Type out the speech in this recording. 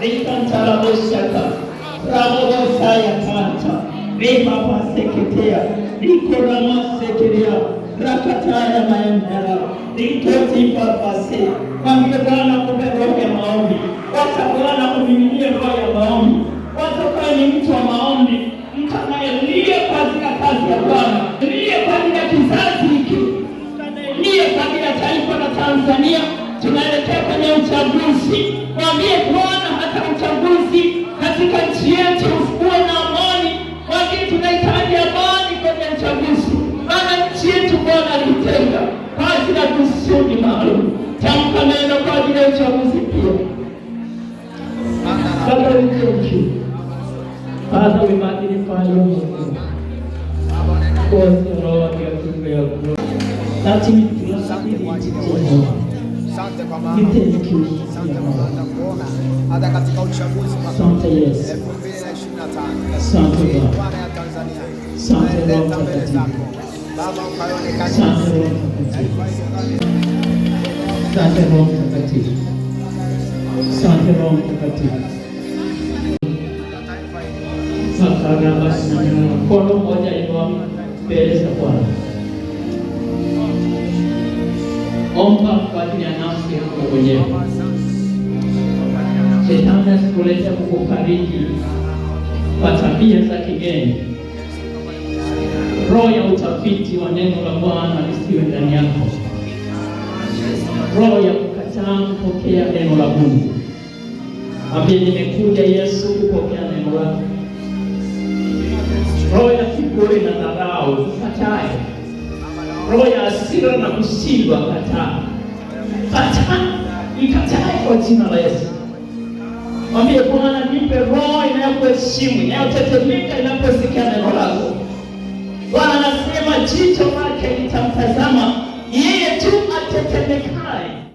rikantarabosaka rabobosayatanta ripapaseketea rikoramasekerea rakataya mayamera rikotipapase mwambie Bwana kupe roho ya maombi, wacha Bwana kumiminie roho ya maombi, wacha ukawe ni mtu wa maombi, mtu anayelia kwa kazi ya Bwana, lia kwa kizazi hiki, lia kwa taifa la Tanzania. Tunaelekea kwenye uchaguzi, mwambie kusudi maalum. Tamka neno kwa ajili ya uchaguzi pia. Baba mtukufu, Baba umebariki pale Mungu. Kosi roho ya Mungu ya Mungu. Tati tunasafiri Asante kwa maana. Asante kwa maana kuona hata katika uchaguzi wa 2025. Asante Bwana ya Tanzania. Asante Bwana Baba ukaonekana. Asante Bwana. Asante Roho Mtakatifu, asante Roho Mtakatifu. Mkono mmoja inua mbele za Bwana, omba kwa ajili ya nafsi yako mwenyewe. Shetani asikulete kukufariki kwa tabia za kigeni. Roho ya utafiti wa neno la Bwana isiwe ndani yako roho ya kukataa kupokea neno la Mungu. Ambie, nimekuja Yesu kupokea neno lako. Roho ya kiburi na dharau kukatae, roho ya hasira na kushindwa kataa, kataa, ikatae kwa jina la Yesu. Mwambie Bwana, nipe roho inayokuheshimu, inayotetemeka inaposikia neno lako. Bwana anasema jicho lake litamtazama Can the time.